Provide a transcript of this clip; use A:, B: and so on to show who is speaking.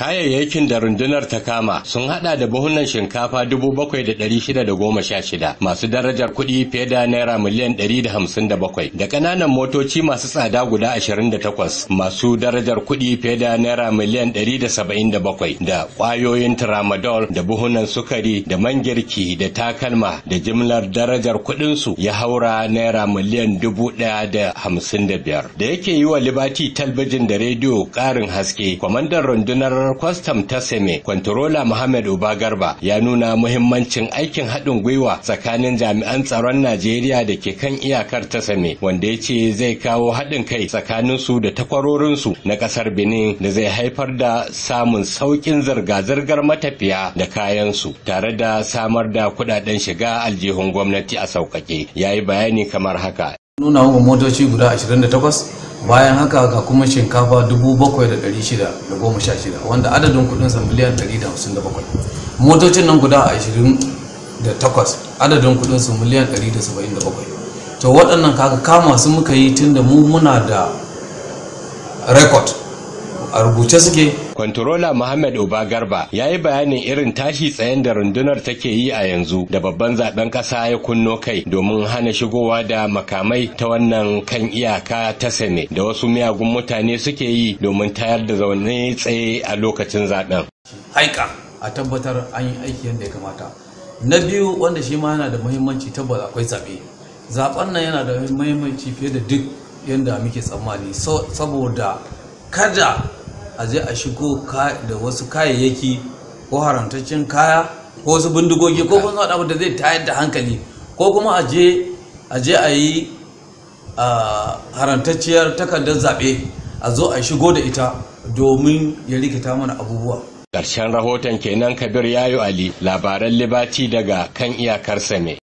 A: Kayayyakin da rundunar ta kama sun hada da buhunan shinkafa 7,616 masu darajar kuɗi fiye da naira miliyan 157 da ƙananan motoci masu tsada guda 28 masu darajar kuɗi fiye da naira miliyan 177 da ƙwayoyin tramadol da buhunan sukari da man girki da takalma da jimlar darajar kuɗinsu ya haura naira miliyan 1,055 da yake yi wa libati talbijin da rediyo ƙarin haske kwamandan rundunar rundunar kwastam ta seme kwantarola muhammad garba ya nuna muhimmancin aikin haɗin gwiwa tsakanin jami'an tsaron najeriya da ke kan iyakar ta seme wanda ya ce zai kawo haɗin kai tsakanin su da takwarorinsu na ƙasar benin da zai haifar da samun sauƙin zirga-zirgar matafiya da kayansu tare da samar da kuɗaɗen shiga aljihun gwamnati a sauƙaƙe ya yi bayani kamar haka
B: nuna wa motoci guda 28 bayan haka ga kuma shinkafa 7,616 wanda adadin kudinsa miliyan 157 motocin nan guda 28 adadin kudinsa miliyan 177 to waɗannan kaka kama su muka yi tun da mu muna da rekod a rubuce suke Kwantarola
A: Muhammad Oba Garba ya yi bayanin irin tashi tsayen da rundunar take yi a yanzu da babban zaben ƙasa ya kunno kai domin hana shigowa da makamai ta wannan kan iyaka ta sane da wasu miyagun mutane suke yi domin tayar da zaune tsaye a lokacin zaben.
B: Haika a tabbatar an yi aiki yadda ya kamata. Na biyu wanda shi ma yana da muhimmanci tabbas akwai zaɓe. Zaɓen nan yana da muhimmanci fiye da duk yadda muke tsammani saboda kada a je a shigo da wasu kayayyaki ko haramtaccen kaya ko wasu bindigogi ko kuma abu da zai tayar da hankali ko kuma a je a yi haramtacciyar takardar zaɓe a zo a shigo da ita domin ya rikita mana abubuwa
A: Karshen rahoton kenan kabir yayo ali labaran libati daga kan iyakar same